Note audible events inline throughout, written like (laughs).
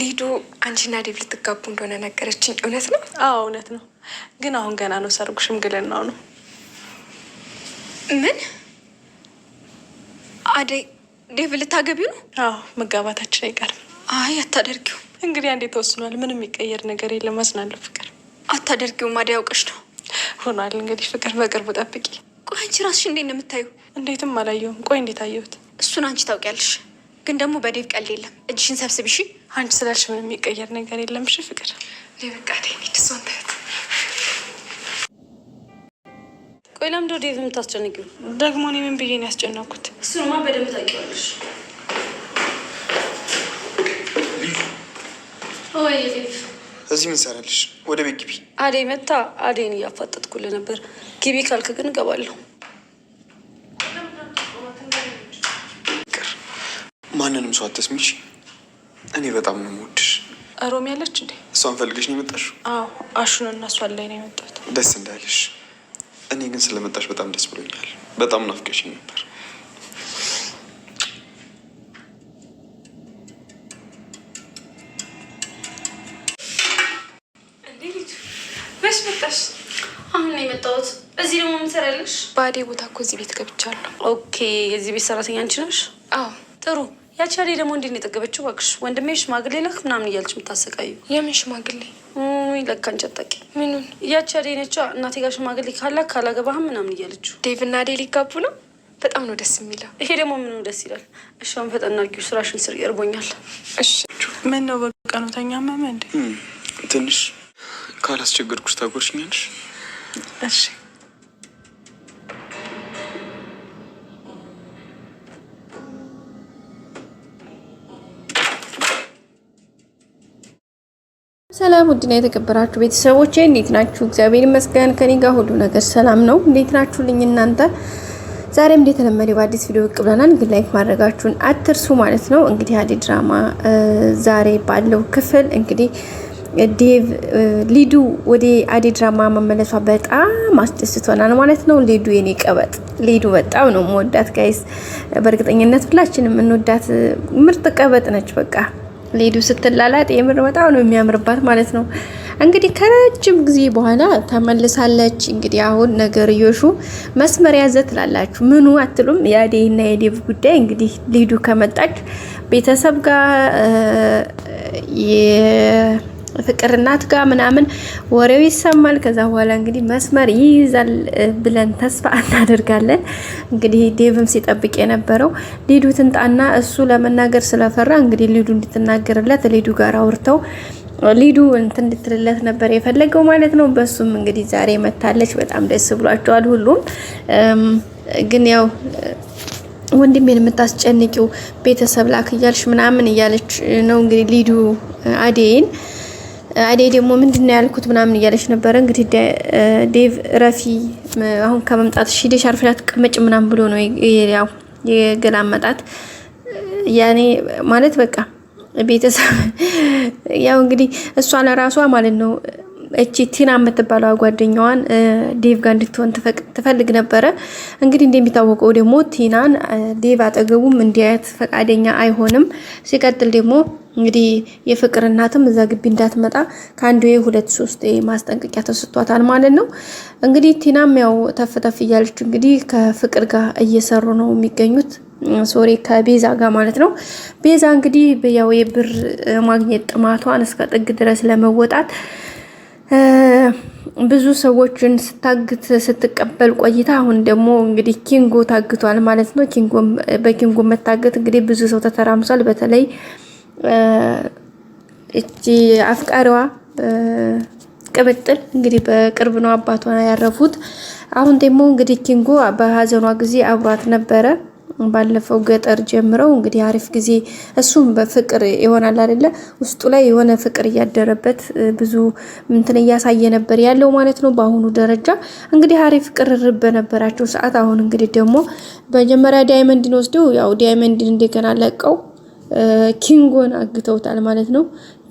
ሊዱ አንቺና ዴቭ ልትጋቡ እንደሆነ ነገረችኝ። እውነት ነው? አዎ እውነት ነው። ግን አሁን ገና ነው ሰርጉ፣ ሽምግልናው ነው። ምን አደይ፣ ዴቭ ልታገቢው ነው? አዎ መጋባታችን አይቀርም። አይ አታደርጊው። እንግዲህ አንዴ ተወስኗል። ምንም የሚቀየር ነገር የለም። አዝናለሁ ፍቅር። አታደርጊው። ማዳ ያውቅሽ ነው ሆኗል። እንግዲህ ፍቅር፣ በቅርቡ ጠብቂ። ቆይ አንቺ ራስሽ እንዴት ነው የምታየው? እንዴትም አላየሁም። ቆይ እንዴት አየሁት? እሱን አንቺ ታውቂያለሽ። ግን ደግሞ በዴቭ ቀልድ የለም። እጅሽን ሰብስብ እሺ። አንቺ ስላልሽ ምን የሚቀየር ነገር የለም። እሺ ፍቅር በቃ ቆይ ለምዶ ዴቭ የምታስጨንቂው ደግሞ እኔ ምን ብዬን ያስጨነኩት? እሱንማ በደንብ ታውቂዋለሽ። እዚህ ምን ሰራለሽ? ወደ ቤት ግቢ። አዴ መታ። አዴን እያፋጠጥኩል ነበር። ግቢ ካልክ ግን እገባለሁ። ማንንም ሰው አትስሚሽ። እኔ በጣም ነው የምወድሽ። ሮሚ ያለች እንዴ? እሷን ፈልግሽ ነው የመጣሽ? አዎ አሹን እና እሷን ላይ ነው የመጣት ደስ እንዳለሽ። እኔ ግን ስለመጣሽ በጣም ደስ ብሎኛል። በጣም ናፍቀሽ ነበር። አሁን እዚህ ደግሞ ቦታ እኮ እዚህ ቤት ገብቻለሁ። ኦኬ፣ የዚህ ቤት ሰራተኛ አንቺ ነሽ? አዎ። ጥሩ ያቻሌ ደግሞ እንዴት ነው የጠገበችው? እባክሽ ወንድሜ ሽማግሌ ላክ ምናምን እያለች የምታሰቃዩ። የምን ሽማግሌ ለካ እንጨጣቂ ምኑን? ያቻሌ ነቻ እናቴ ጋር ሽማግሌ ካላ ካላገባህም ምናምን እያለችው። ዴቭ እና ዴ ሊጋቡ ነው። በጣም ነው ደስ የሚለው። ይሄ ደግሞ ምኑ ደስ ይላል። እሻን ፈጠናጊው ስራሽን ስር ይርቦኛል። ምን ነው በቃ ነው ተኛ መመ እንዴ ትንሽ ካላስቸገርኩሽ ታጎርሽኛለሽ። እሺ ሰላም ውድና የተከበራችሁ ቤተሰቦቼ እንዴት ናችሁ? እግዚአብሔር ይመስገን ከኔ ጋር ሁሉ ነገር ሰላም ነው። እንዴት ልኝ እናንተ? ዛሬም እንደተለመደ በአዲስ ቪዲዮ ብቅ ብለናል። ግን ላይክ ማድረጋችሁን አትርሱ ማለት ነው። እንግዲህ ሐዲድ ድራማ ዛሬ ባለው ክፍል እንግዲህ ዴቭ ሊዱ ወደ አዴ ድራማ መመለሷ በጣም አስደስቶናል ማለት ነው። ሊዱ የኔ ቀበጥ ሊዱ በጣም ነው መወዳት ጋይስ። በእርግጠኝነት ሁላችንም እንወዳት ምርጥ ቀበጥ ነች በቃ ሌዱ ስትላላት የምር በጣም ነው የሚያምርባት ማለት ነው። እንግዲህ ከረጅም ጊዜ በኋላ ተመልሳለች። እንግዲህ አሁን ነገርዮሹ መስመር ያዘ ትላላችሁ። ምኑ አትሉም? የአዴና የዴቭ ጉዳይ እንግዲህ ሌዱ ከመጣች ቤተሰብ ጋር ፍቅር እናት ጋር ምናምን ወሬው ይሰማል። ከዛ በኋላ እንግዲህ መስመር ይይዛል ብለን ተስፋ (laughs) እናደርጋለን። እንግዲህ ዴቭም ሲጠብቅ የነበረው ሊዱ ትንጣና እሱ ለመናገር ስለፈራ እንግዲህ ሊዱ እንድትናገርለት ሊዱ ጋር አውርተው ሊዱ እንትን እንድትልለት ነበር የፈለገው ማለት ነው። በሱም እንግዲህ ዛሬ መታለች። በጣም ደስ ብሏቸዋል ሁሉም ግን ያው ወንድሜን የምታስጨንቂው ቤተሰብ ላክ እያልሽ ምናምን እያለች ነው እንግዲህ ሊዱ አዴይን አይዴ ደግሞ ምንድነው ያልኩት ምናምን እያለች ነበረ። እንግዲህ ዴቭ ረፊ አሁን ከመምጣት ሺደሽ አርፍላት ቅመጭ ምናምን ብሎ ነው ያው መጣት ያኔ ማለት በቃ ቤተሰብ ያው እንግዲህ እሷ ለራሷ ማለት ነው እቺ ቲና የምትባለው ጓደኛዋን ዴቭ ጋር እንድትሆን ትፈልግ ነበረ። እንግዲህ እንደሚታወቀው ደግሞ ቲናን ዴቭ አጠገቡም እንዲያያት ፈቃደኛ አይሆንም። ሲቀጥል ደግሞ እንግዲህ የፍቅር እናትም እዛ ግቢ እንዳትመጣ ወይ ሁለት ሶስት ማስጠንቀቂያ ተሰጥቷታል ማለት ነው። እንግዲህ ቲናም ያው ተፍ እያለች እንግዲህ ከፍቅር ጋር እየሰሩ ነው የሚገኙት ሶሪ ከቤዛ ጋር ማለት ነው። ቤዛ እንግዲህ ያው የብር ማግኘት ጥማቷን እስከ ጥግ ድረስ ለመወጣት ብዙ ሰዎችን ስታግት ስትቀበል ቆይታ አሁን ደግሞ እንግዲህ ኪንጎ ታግቷል ማለት ነው። በኪንጎ መታገት እንግዲህ ብዙ ሰው ተተራምሷል። በተለይ እቺ አፍቃሪዋ ቅብጥል እንግዲህ በቅርብ ነው አባቷ ያረፉት። አሁን ደግሞ እንግዲህ ኪንጎ በሀዘኗ ጊዜ አብሯት ነበረ። ባለፈው ገጠር ጀምረው እንግዲህ አሪፍ ጊዜ እሱም በፍቅር ይሆናል አይደለ? ውስጡ ላይ የሆነ ፍቅር እያደረበት ብዙ እንትን እያሳየ ነበር ያለው ማለት ነው። በአሁኑ ደረጃ እንግዲህ አሪፍ ቅርርብ በነበራቸው ሰዓት፣ አሁን እንግዲህ ደግሞ መጀመሪያ ዳይመንድን ወስደው ያው ዳይመንድን እንደገና ለቀው ኪንጎን አግተውታል ማለት ነው።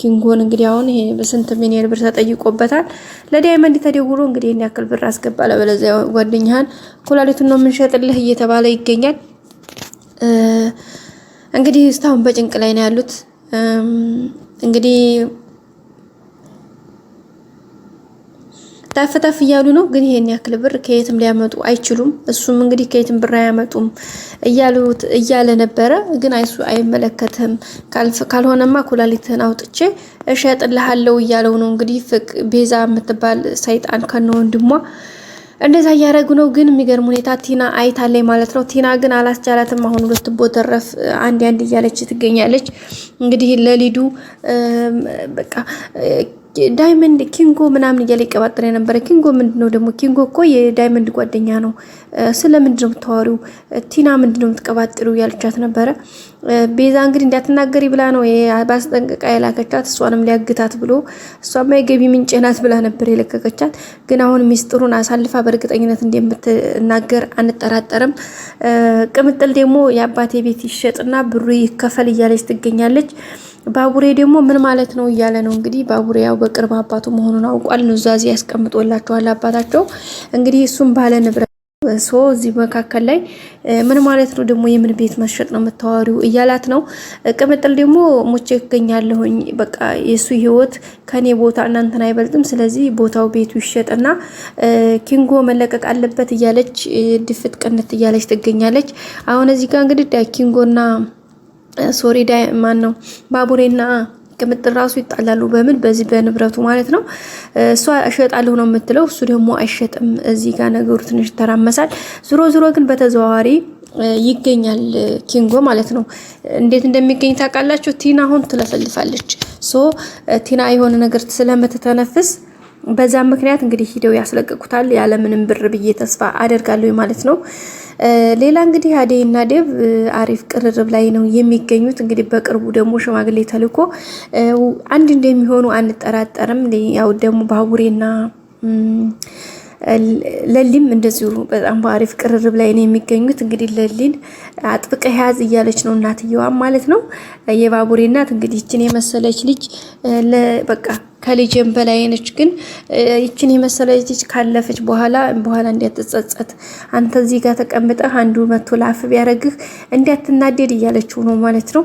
ኪንጎን እንግዲህ አሁን ይሄ በስንት ሚሊዮን ብር ተጠይቆበታል። ለዳይመንድ ተደውሎ እንግዲህ ይህን ያክል ብር አስገባ፣ ለበለዚያ ጓደኛህን ኩላሊቱን ነው የምንሸጥልህ እየተባለ ይገኛል። እንግዲህ እስታሁን በጭንቅ ላይ ነው ያሉት። እንግዲህ ተፍ ተፍ እያሉ ነው፣ ግን ይሄን ያክል ብር ከየትም ሊያመጡ አይችሉም። እሱም እንግዲህ ከየትም ብር አያመጡም እያሉት እያለ ነበረ። ግን አይሱ አይመለከትም፣ ካልሆነማ ኩላሊትህን አውጥቼ እሸጥልሃለሁ እያለው ነው እንግዲህ ቤዛ የምትባል ሰይጣን ከነ ወንድሟ እንደዛ እያደረጉ ነው። ግን የሚገርም ሁኔታ ቲና አይታለይ ማለት ነው። ቲና ግን አላስቻላትም። አሁን ሁለት ቦተረፍ አንድ አንድ እያለች ትገኛለች። እንግዲህ ለሊዱ በቃ ዳይመንድ ኪንጎ ምናምን እያለ ይቀባጠር የነበረ ኪንጎ ምንድን ነው ደግሞ? ኪንጎ እኮ የዳይመንድ ጓደኛ ነው። ስለምንድን ነው የምታወሪው? ቲና ምንድን ነው የምትቀባጥሩ? ያለቻት ነበረ። ቤዛ እንግዲህ እንዳትናገሪ ብላ ነው በአስጠንቀቃ የላከቻት። እሷንም ሊያግታት ብሎ እሷማ የገቢ ምንጭ ናት ብላ ነበር የለቀቀቻት። ግን አሁን ሚስጥሩን አሳልፋ በእርግጠኝነት እንደምትናገር አንጠራጠርም። ቅምጥል ደግሞ የአባቴ ቤት ይሸጥና ብሩ ይከፈል እያለች ትገኛለች። ባቡሬ ደግሞ ምን ማለት ነው እያለ ነው እንግዲህ። ባቡሬ ያው በቅርብ አባቱ መሆኑን አውቋል። ኑዛዜ ያስቀምጦላቸዋል አባታቸው እንግዲህ እሱም ባለ ንብረት ሶ እዚህ መካከል ላይ ምን ማለት ነው ደግሞ የምን ቤት መሸጥ ነው የምታዋሪው? እያላት ነው። ቅምጥል ደግሞ ሞቼ ይገኛለሁኝ በቃ የእሱ ህይወት ከኔ ቦታ እናንተን አይበልጥም። ስለዚህ ቦታው ቤቱ ይሸጥና ኪንጎ መለቀቅ አለበት እያለች ድፍት ቅንት እያለች ትገኛለች። አሁን እዚህ ጋር እንግዲህ ኪንጎና ሶሪ ማን ነው ባቡሬና ቅምጥል ራሱ ይጣላሉ። በምን በዚህ በንብረቱ ማለት ነው። እሷ እሸጣለሁ ነው የምትለው፣ እሱ ደግሞ አይሸጥም። እዚህ ጋር ነገሩ ትንሽ ተራመሳል። ዝሮ ዝሮ ግን በተዘዋዋሪ ይገኛል ኪንጎ ማለት ነው። እንዴት እንደሚገኝ ታውቃላችሁ። ቲና አሁን ትለፈልፋለች። ሶ ቲና የሆነ ነገር ስለምትተነፍስ በዛም ምክንያት እንግዲህ ሂደው ያስለቀቁታል ያለምንም ብር ብዬ ተስፋ አደርጋለሁ ማለት ነው። ሌላ እንግዲህ አደይ እና ዴቭ አሪፍ ቅርርብ ላይ ነው የሚገኙት። እንግዲህ በቅርቡ ደግሞ ሽማግሌ ተልኮ አንድ እንደሚሆኑ አንጠራጠርም። ያው ደግሞ ባቡሬና ለሊም እንደዚሁ በጣም በአሪፍ ቅርርብ ላይ ነው የሚገኙት። እንግዲህ ለሊን አጥብቀ ያዝ እያለች ነው እናትየዋም ማለት ነው። የባቡሬ እናት እንግዲህ ይችን የመሰለች ልጅ በቃ ከልጄም በላይ ነች። ግን ይችን የመሰለች ልጅ ካለፈች በኋላ በኋላ እንዲያትጸጸት አንተ እዚህ ጋር ተቀምጠህ አንዱ መቶ ላፍ ቢያደረግህ እንዲያትናደድ እያለችው ነው ማለት ነው።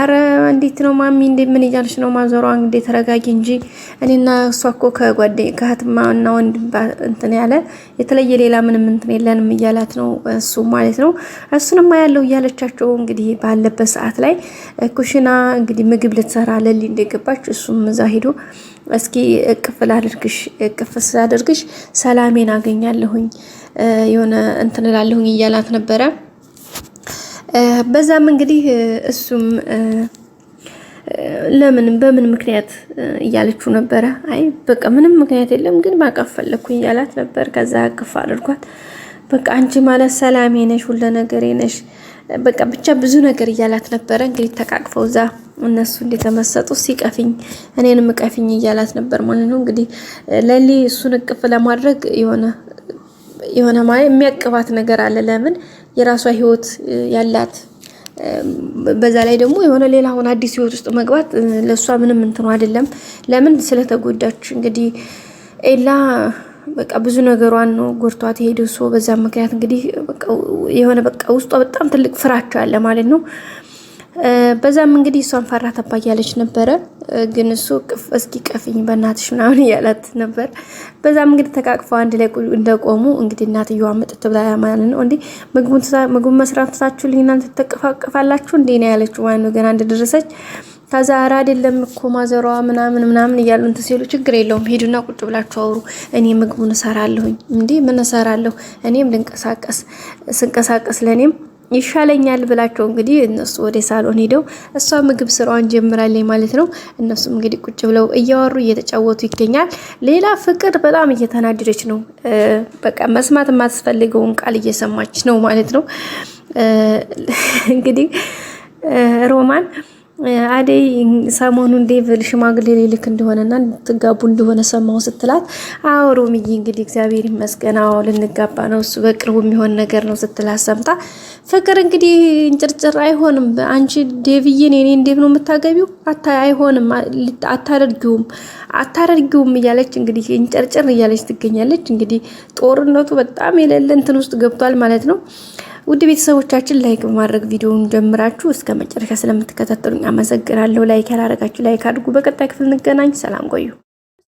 አረ እንዴት ነው ማሚ እንደምን እያለች ነው ማዞሯ። እንግዲህ ተረጋጊ እንጂ እኔና እሷ እኮ ከጓደኛ ከህትማ እና ወንድ እንትን ያለ የተለየ ሌላ ምንም እንትን የለንም እያላት ነው እሱ ማለት ነው። እሱንማ ያለው እያለቻቸው እንግዲህ ባለበት ሰዓት ላይ ኩሽና እንግዲህ ምግብ ልትሰራ ለሊ እንደገባች እሱም እዛ ሄዶ እስኪ እቅፍ ላድርግሽ፣ እቅፍ ስላደርግሽ ሰላሜን አገኛለሁኝ የሆነ እንትን እላለሁኝ እያላት ነበረ። በዛም እንግዲህ እሱም ለምን በምን ምክንያት እያለችው ነበረ። አይ በቃ ምንም ምክንያት የለም ግን ማቀፍ ፈለግኩኝ እያላት ነበር። ከዛ እቅፍ አድርጓት በቃ አንቺ ማለት ሰላሜ ነሽ፣ ሁለ ነገሬ ነሽ በቃ ብቻ ብዙ ነገር እያላት ነበረ። እንግዲህ ተቃቅፈው እዛ እነሱ እንደተመሰጡ ሲቀፍኝ እኔንም እቀፍኝ እያላት ነበር ማለት ነው። እንግዲህ ለሊ እሱን እቅፍ ለማድረግ የሆነ የሆነ ማለት የሚያቅባት ነገር አለ። ለምን የራሷ ህይወት ያላት በዛ ላይ ደግሞ የሆነ ሌላ አሁን አዲስ ህይወት ውስጥ መግባት ለእሷ ምንም እንትኑ አይደለም። ለምን ስለተጎዳች እንግዲህ ኤላ በቃ ብዙ ነገሯን ነው ጎድቷት ሄደ። ሶ በዛ ምክንያት እንግዲህ የሆነ በቃ ውስጧ በጣም ትልቅ ፍራቻ አለ ማለት ነው። በዛም እንግዲህ እሷን ፈራ ተባ እያለች ነበረ። ግን እሱ እስኪ ቀፍኝ በእናትሽ ምናምን እያላት ነበር። በዛም እንግዲህ ተቃቅፈው አንድ ላይ እንደቆሙ እንግዲህ እናትየዋ መጥት ብላ ማለት ነው እንዴ ምግቡን መስራት ትታችሁ ልኝና ትተቀፋቀፋላችሁ እንዴ ነው ያለችው ማለት ነው ገና እንደደረሰች ከዛ አራ አይደለም እኮ ማዘሯ ምናምን ምናምን እያሉ እንትን ሲሉ ችግር የለውም ሄዱና ቁጭ ብላችሁ አውሩ። እኔ ምግቡን እሰራለሁኝ። እንዴ ምን እሰራለሁ እኔም ልንቀሳቀስ ስንቀሳቀስ ለእኔም ይሻለኛል ብላቸው እንግዲህ እነሱ ወደ ሳሎን ሄደው እሷ ምግብ ስራዋን ጀምራለች ማለት ነው። እነሱም እንግዲህ ቁጭ ብለው እያወሩ እየተጫወቱ ይገኛል። ሌላ ፍቅር በጣም እየተናደደች ነው። በቃ መስማት የማትፈልገውን ቃል እየሰማች ነው ማለት ነው። እንግዲህ ሮማን አደይ ሰሞኑን ዴቭ ሽማግሌ ሊልክ እንደሆነና ልትጋቡ እንደሆነ ሰማው ስትላት፣ አዎ ሮምዬ እንግዲህ እግዚአብሔር ይመስገን፣ አዎ ልንጋባ ነው፣ እሱ በቅርቡ የሚሆን ነገር ነው ስትላት ሰምታ፣ ፍቅር እንግዲህ እንጭርጭር አይሆንም፣ አንቺ ዴቭዬን የኔ ዴቭ ነው የምታገቢው፣ አይሆንም፣ አታደርጊውም፣ አታደርጊውም እያለች እንግዲህ እንጭርጭር እያለች ትገኛለች። እንግዲህ ጦርነቱ በጣም የሌለ እንትን ውስጥ ገብቷል ማለት ነው። ውድ ቤተሰቦቻችን ላይክ በማድረግ ቪዲዮውን ጀምራችሁ እስከ መጨረሻ ስለምትከታተሉኝ አመሰግናለሁ። ላይክ ያላረጋችሁ ላይክ አድርጉ። በቀጣይ ክፍል እንገናኝ። ሰላም ቆዩ።